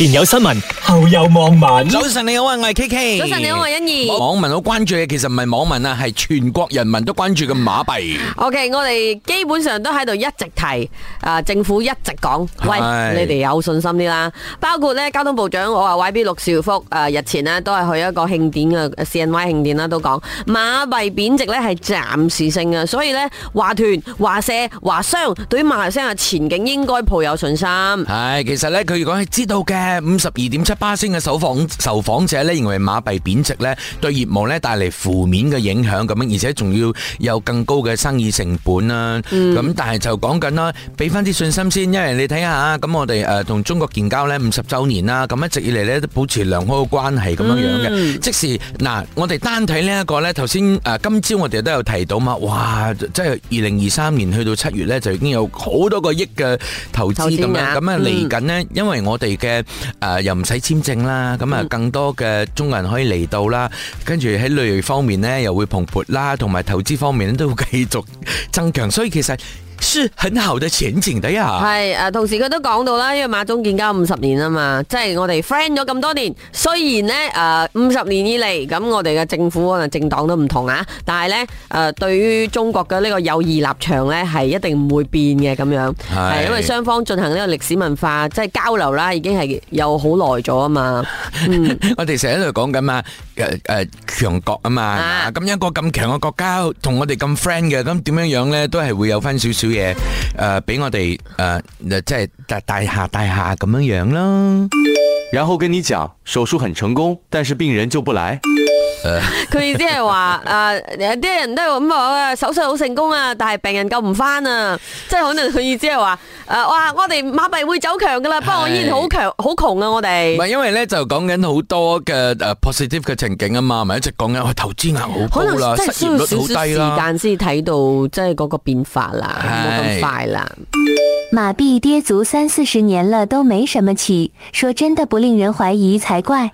前有新聞，後有網民。早晨你好啊，我係 K K。早晨你好啊，我係欣宜。網民好關注嘅，其實唔係網民啊，係全國人民都關注嘅馬幣。O K，我哋基本上都喺度一直提，啊，政府一直講，喂，你哋有信心啲啦。包括咧，交通部長我話 Y B 陸兆福，誒，日前咧都係去一個慶典嘅 C N Y 慶典啦，都講馬幣貶值咧係暫時性嘅，所以咧華團、華社、華商對於馬來西亞前景應該抱有信心。係，其實咧佢如果係知道嘅。五十二點七八先嘅，受訪受訪者者呢，認為馬幣貶值呢，對業務呢帶嚟負面嘅影響咁樣，而且仲要有更高嘅生意成本啦。咁、嗯、但係就講緊啦，俾翻啲信心先，因為你睇下，咁我哋誒同中國建交呢五十周年啦，咁一直以嚟呢都保持良好嘅關係咁樣樣嘅。嗯、即時嗱，我哋單睇呢一個呢頭先誒今朝我哋都有提到嘛，哇，即係二零二三年去到七月呢，就已經有好多個億嘅投資咁、啊、樣，咁啊嚟緊呢，因為我哋嘅。誒、呃，又唔使簽證啦，咁啊，更多嘅中國人可以嚟到啦，跟住喺旅遊方面呢，又會蓬勃啦，同埋投資方面都會繼續增強，所以其實。是很好的前景的呀。係誒，同時佢都講到啦，因為馬中建交五十年啊嘛，即係我哋 friend 咗咁多年。雖然咧誒五十年以嚟，咁我哋嘅政府可能政黨都唔同啊，但係咧誒對於中國嘅呢個友誼立場咧係一定唔會變嘅咁樣。係因為雙方進行呢個歷史文化即係交流啦，已經係有好耐咗啊嘛。嗯，我哋成日喺度講緊啊誒誒強國啊嘛，咁一個咁強嘅國家同我哋咁 friend 嘅，咁點樣樣咧都係會有翻少少。誒，俾、呃、我哋，誒、呃，即係大下大下咁樣樣啦。然後跟你講，手術很成功，但是病人就不來。佢、uh, 意思係話，誒、呃，啲人都係咁話，手術好成功啊，但係病人救唔翻啊，即係 可能佢意思係話，誒、呃，哇，我哋馬幣會走強噶啦，不過我依然好強，好窮是啊，我哋唔係因為咧就講緊好多嘅誒 positive 嘅情景啊嘛，咪一直講緊我投資額好高啦，失業率好低啦，即係是需要少少時間先睇到即係嗰個變化啦，冇咁是快啦。馬幣跌足三四十年了，都沒什麼起，說真的不令人懷疑才怪。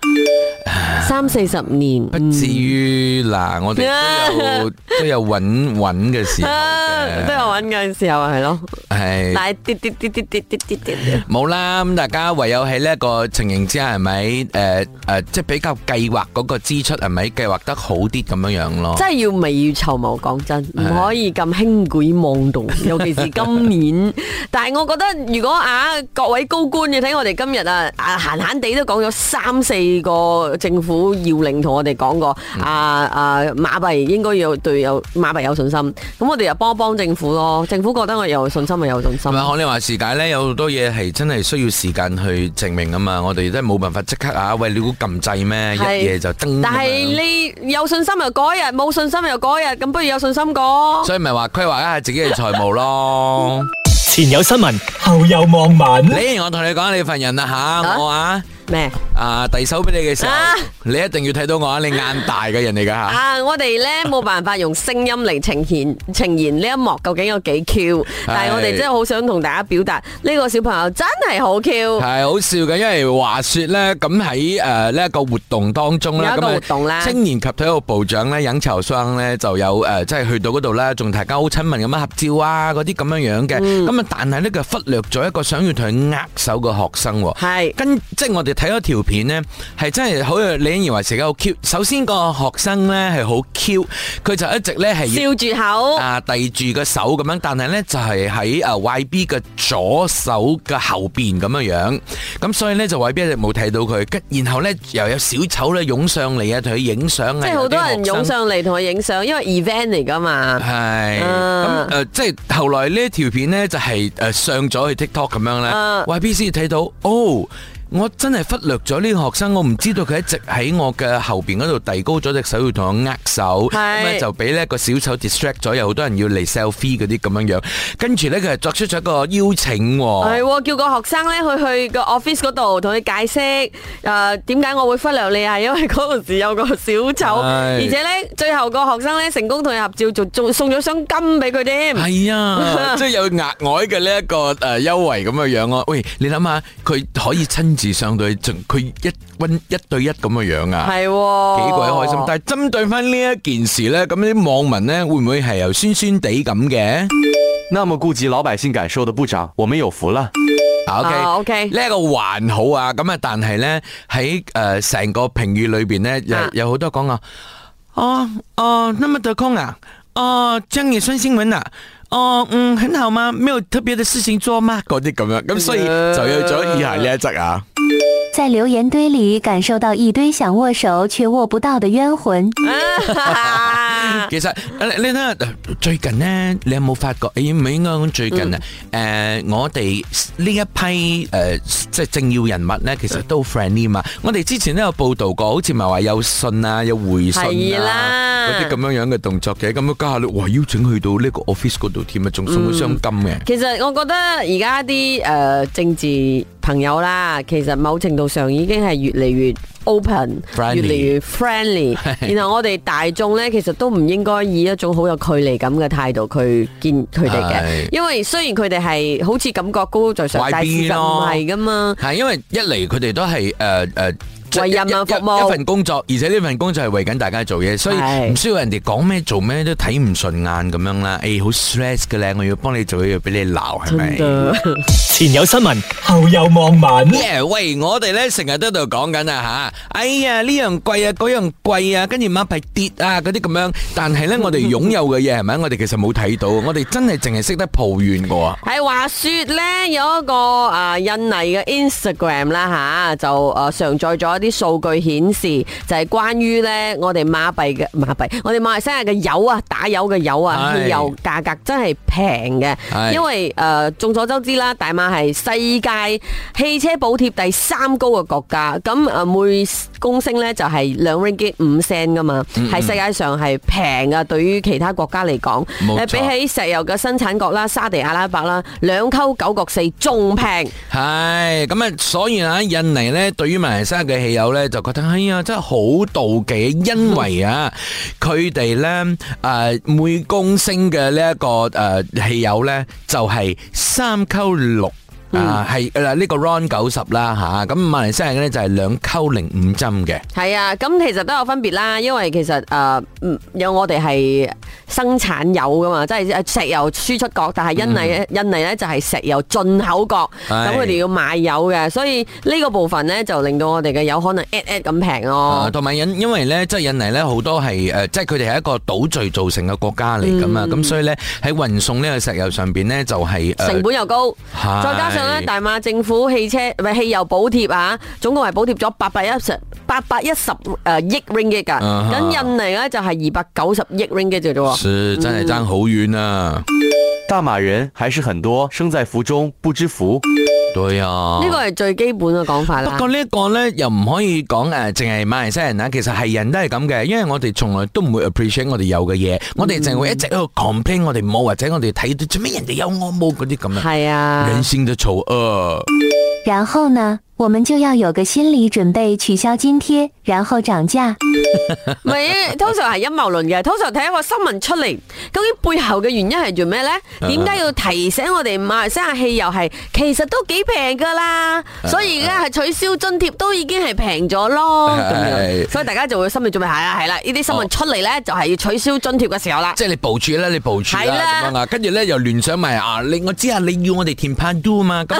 三四十年、嗯、不至於嗱，我哋都有 都有揾揾嘅時候嘅 都有揾嘅時候係咯。係是，冇、呃呃、啦咁大家唯有喺呢一個情形之下，係咪？誒、呃、誒、呃呃，即係比較計劃嗰個支出係咪計劃得好啲咁樣樣咯？真係要未雨綢繆，講真，唔是可以咁輕舉妄動，是尤其是今年， 我覺得如果啊，各位高官你睇我哋今日啊，啊閒閒地都講咗三四個政府要令，同我哋講過，嗯、啊啊馬幣應該要對有馬幣有信心。咁我哋又幫一幫政府咯，政府覺得我有信，有信心，咪有信心。係，我哋話時間咧，有好多嘢係真係需要時間去證明啊嘛。我哋都係冇辦法即刻啊，喂你估撳掣咩，一嘢就登。但係你有信心又嗰日，冇信心又嗰日，咁不如有信心過。所以咪話規劃一下自己嘅財務咯。 前有新聞，後有網民。你，我同你講你份人啊，嚇，我啊。咩？啊，第手俾你嘅時候，你一定要睇到我啊！你眼大嘅人嚟噶吓。啊，我哋咧冇辦法用聲音嚟呈現呈現呢一幕究竟有幾 Q，但係我哋真係好想同大家表達呢個小朋友真係好 Q。係好笑嘅，因為話說咧咁喺誒呢一個活動當中咧，咁個活動啦，青年及體育部長咧楊巧雙咧就有誒即係去到嗰度咧，仲大家好親民咁樣合照啊，嗰啲咁樣樣嘅。咁啊，但係咧，佢忽略咗一個想要同佢握手嘅學生。係跟即係我哋。睇咗條片呢，係真係好。你認為成個好 Q。首先個學生呢係好 Q，佢就一直呢係笑住口，啊遞住個手咁樣。但係呢，就係喺啊 Y B 嘅左手嘅後邊咁樣樣。咁所以呢，就 Y B 一直冇睇到佢。然後呢，又有小丑呢湧上嚟，啊同佢影相。即係好多人湧上嚟同佢影相，因為 event 嚟噶嘛。係咁誒，即係後來呢條片呢，就係、是、誒上咗去 TikTok 咁樣呢。Uh、Y B 先睇到哦。我真係忽略咗呢個學生，我唔知道佢一直喺我嘅後邊嗰度遞高咗隻手要同我握手，咁咧就俾呢個小丑 distract 咗，有好多人要嚟 selfie 嗰啲咁樣樣。跟住咧，佢係作出咗一個邀請，係叫個學生咧去去個 office 嗰度同佢解釋，誒點解我會忽略你啊？因為嗰陣時有個小丑，而且咧最後個學生咧成功同佢合照，仲仲送咗賞金俾佢添。係啊，即係有額外嘅呢一個誒優惠咁樣樣咯。喂，你諗下，佢可以親。似相對，佢一溫一對一咁嘅樣啊，係幾鬼開心。但係針對翻呢一件事咧，咁啲網民咧會唔會係由酸酸地咁嘅？那麼顧及老百姓感受的部長，我們有福啦 Okay,、啊。OK OK，呢個還好啊。咁啊，但係咧喺誒成個評語裏邊咧，有有好多講啊，哦哦、呃，那麼得空啊，哦，張義新新聞啊。哦，嗯，很好嘛，沒有特別的事情做嘛，嗰啲咁樣，咁所以就有咗以下呢一則啊。在留言堆裏感受到一堆想握手卻握不到的冤魂。 其實你睇下最近咧，你有冇發覺？應唔應該講最近啊？誒，我哋呢一批誒，即係政要人物咧，其實都 friend 啲嘛。我哋之前都有報道過，好似咪話有信啊，有回信啊，嗰啲咁樣樣嘅動作嘅。咁家下咧，哇，邀請去到呢個 office 嗰度添啊，仲送咗雙金嘅。其實我覺得而家啲誒政治朋友啦，其實某程度上已經係越嚟越。Open 越嚟越 friendly，Friendly，然後我哋大眾呢，其實都唔應該以一種好有距離感嘅態度去見佢哋嘅。的因為雖然佢哋係好似感覺高高在上，但係唔係噶嘛。係因為一嚟佢哋都係誒誒。呃呃為人民服務，一份工作，而且呢份工作係為緊大家做嘢，所以唔需要人哋講咩做咩都睇唔順眼咁樣啦。哎，好 stress 嘅咧，我要幫你做嘢，要俾你鬧係咪？前有新聞，後有網民。耶，喂，我哋咧成日都喺度講緊啊吓，哎呀呢樣貴啊，嗰樣貴啊，跟住馬幣跌啊，嗰啲咁樣。但係咧，我哋擁有嘅嘢係咪？我哋其實冇睇到，我哋真係淨係識得抱怨㗎。係話說咧，有一個啊印尼嘅 Instagram 啦吓，就啊上載咗一啲。啲數據顯示就係關於咧，我哋馬幣嘅馬幣，我哋馬來西亞嘅油啊，打油嘅油啊，汽油價格真係平嘅，因為誒眾所周知啦，大馬係世界汽車補貼第三高嘅國家，咁誒每公升咧就係兩 ringgit 五 cent 噶嘛，係世界上係平嘅，對於其他國家嚟講，誒比起石油嘅生產國啦，沙地阿拉伯啦，兩溝九角四仲平，係咁啊，所以啊，印尼咧對於馬來西亞嘅氣友呢就覺得哎呀，真係好妒忌，因為啊，佢哋呢，誒， 每公升嘅呢一個誒汽油咧就係三溝六。 啊，係嗱，呢個 RON 九十啦吓，咁馬來西亞咧就係兩溝零五針嘅。係啊，咁其實都有分別啦，因為其實誒，有我哋係生產油噶嘛，即係石油輸出國，但係印尼，印尼咧就係石油進口國，咁佢哋要買油嘅，所以呢個部分咧就令到我哋嘅油可能 at at 咁平咯。同埋因，因為咧即係印尼咧好多係誒，即係佢哋係一個島嶼造成嘅國家嚟噶嘛，咁所以咧喺運送呢個石油上邊咧就係成本又高，係，再加。.大馬政府汽車唔係汽油補貼啊，總共係補貼咗八百一十八百一十誒億 ringgit 噶，咁、huh. 印尼咧就係二百九十億 ringgit 嘅啫。是真係爭好遠啊！嗯、大馬人還是很多，生在福中不知福。對啊，呢個係最基本嘅講法啦。不過這呢一個咧，又唔可以講誒、啊，淨係馬來西亞人啊，其實係人都係咁嘅，因為我哋從來都唔會 appreciate 我哋有嘅嘢，嗯、我哋就會一直喺度 complain 我哋冇，或者我哋睇到做咩？什麼人哋有我冇嗰啲咁啊。係啊，人性都錯啊。然後呢，我們就要有個心理準備，取消津貼，然後漲價。咪 通常係陰謀論嘅，通常睇一個新聞出嚟，究竟背後嘅原因係做咩咧？點解、啊、要提醒我哋馬來西亞汽油係，其實都幾平噶啦，啊、所以而家係取消津貼都已經係平咗咯。所以大家就會心理準備下呀，係啦，呢啲新聞出嚟咧，就係要取消津貼嘅時候啦。哦、即係你部署咧，你部署啦，跟住咧又聯想埋啊，你我知啊，你要我哋填判都啊嘛，咁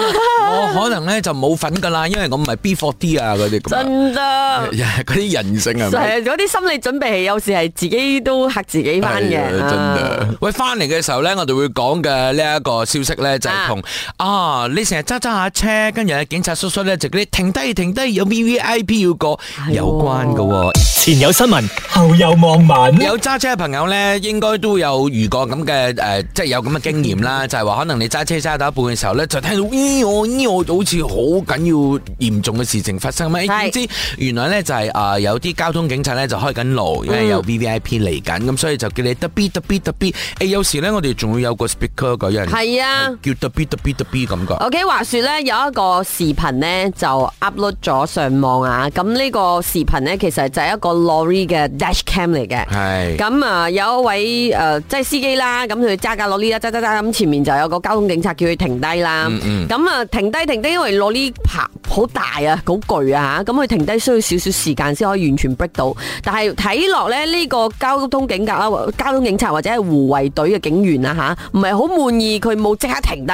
我可能咧。 就冇份噶啦，因為我唔係 B40 啊嗰啲咁啊，真噶，又係嗰啲人性啊，係啊，嗰啲心理準備有時係自己都吓自己翻嘅。真噶，喂，翻嚟嘅時候咧，我哋會講嘅呢一個消息咧，就係同啊，你成日揸揸下車，跟住咧警察叔叔咧直接停低停低，有 VVIP 要過有關噶。前有新聞，後有網民，有揸車嘅朋友咧，應該都有遇過咁嘅誒，即係有咁嘅經驗啦，就係話可能你揸車揸到一半嘅時候咧，就聽到咿我咿我，好似。好緊要嚴重嘅事情發生咩？你知原來呢就係有啲交通警察呢就開緊路，因為有 V V I P 嚟緊，咁所以就叫你咇咇咇誒，有時呢，我哋仲會有個 speaker 嗰樣嘢係啊，叫咇咇咇咇咁嘅。OK，話說呢有一個視頻呢就 upload 咗上網啊，咁呢個視頻呢其實就係一個 Lorry 嘅 dash cam 嚟嘅。係，咁啊有一位誒即係司機啦，咁佢揸架勞力啦揸揸揸，咁前面就有個交通警察叫佢停低啦。咁啊停低停低，因落呢排好大啊，好攰啊吓，咁佢停低需要少少時間先可以完全逼到。但係睇落咧，呢個交通警格啊，交通警察或者係護衛隊嘅警員啊吓，唔係好滿意佢冇即刻停低，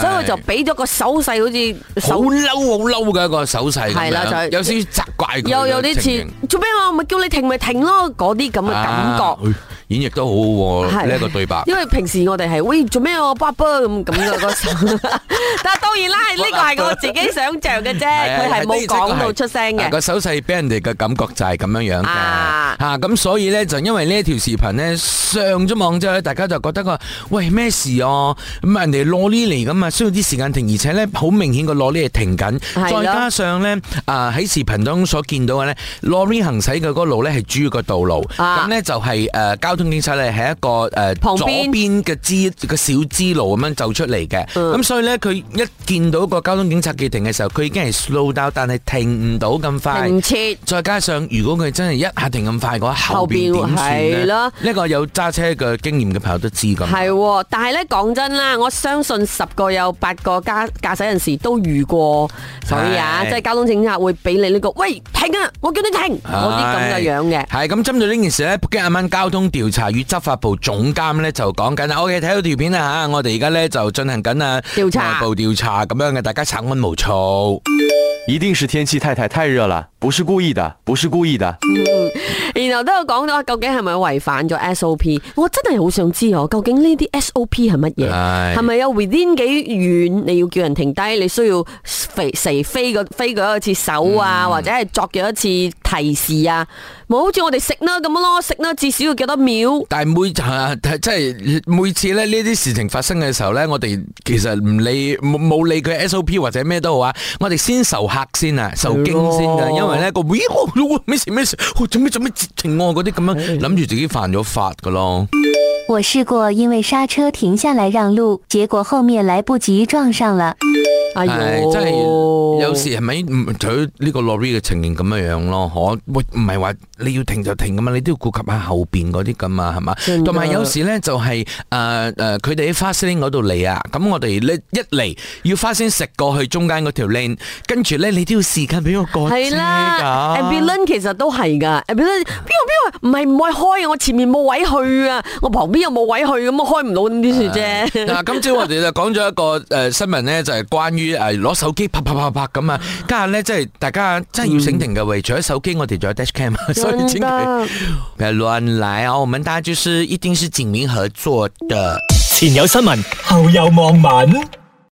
所以就俾咗個手勢，好似好嬲好嬲嘅一個手勢，係啦，有少少責怪，又有啲似做咩啊？我咪叫你停咪停咯，嗰啲咁嘅感覺。演繹都好好喎，呢個個對白，啊。因為平時我哋係，喂做咩啊，我爸爸咁咁樣嗰個手。 但係當然啦，呢個係我自己想像嘅啫，佢係冇講到出聲嘅。個，啊就係，手勢俾人哋嘅感覺就係咁樣樣嘅。啊吓咁、啊、所以咧就因為條呢一條視頻咧上咗網之後咧，大家就覺得個喂咩事哦咁啊人哋攞呢嚟咁啊需要啲時間停，而且咧好明顯個羅里係停緊，的再加上咧啊喺視頻中所見到嘅咧羅里行駛嘅嗰路咧係主要個道路，咁咧、啊、就係、是、誒、呃、交通警察咧係一個誒、呃、邊左邊嘅支個小支路咁樣走出嚟嘅，咁、嗯啊、所以咧佢一見到個交通警察叫停嘅時候，佢已經係 slow down，但係停唔到咁快，停車再加上如果佢真係一下停咁快。啊、後邊係咯，呢個有揸車嘅經驗嘅朋友都知咁。係，但係咧講真啦，我相信十個有八個駕駕駛人士都遇過，所以啊，對即係交通警察會俾你呢、呢個喂停啊，我叫你停嗰啲咁嘅樣嘅。係咁針對呢件事咧，今啱啱交通調查與執法部總監咧就講緊啦。OK，我哋睇到條片啊吓，我哋而家咧就進行緊啊調查，部調查咁樣嘅，大家趁温怒炒。一定是天氣太太太熱啦。不是故意的，不是故意的。然後都有講到，究竟係咪違反咗 SOP？我真係好想知，我究竟呢啲 SOP 係乜嘢？係咪有 within 幾遠？你要叫人停低，你需要肥成飛個一次手啊，或者係作咗一次提示啊？冇好似我哋食啦咁樣咯，食啦，至少要幾多秒？但係每即係每次咧呢啲事情發生嘅時候咧，我哋其實唔理冇理佢 SOP 或者咩都好啊，我哋先受吓先啊，受驚先嘅，係咧個，咩事咩事？做咩做咩截停我？嗰啲咁樣諗住自己犯咗法噶咯。我試過，因為剎車停下來讓路，結果後面來不及撞上了。哎呦，真係、哎、呦有時係咪佢呢個 lorry 嘅情形咁樣樣咯？嗬，喂，唔係話你要停就停噶嘛，你都要顧及下後邊啲噶嘛，係嘛？同埋的有時咧就係誒誒，佢哋喺 fast lane 度嚟啊，咁、呃、我哋咧一嚟要 fast lane 食過去中間條 lane，跟住咧你都要時間俾我過。係啦 Abeline 其實都係噶，Abeline 飄飄，唔係唔會開啊，我前面冇位去啊，我旁邊。又冇位去，咁啊開唔到啲事啫。嗱， 今朝我哋就講咗一個誒新聞咧，就係、是、關於誒攞手機拍拍拍拍咁啊。家下咧即係大家真係要醒定嘅位除咗、嗯、手機我哋仲有 Dashcam，、嗯、所以真係唔係亂嚟啊，我們大家就是一定是警民合作的。前有新聞，後有網民。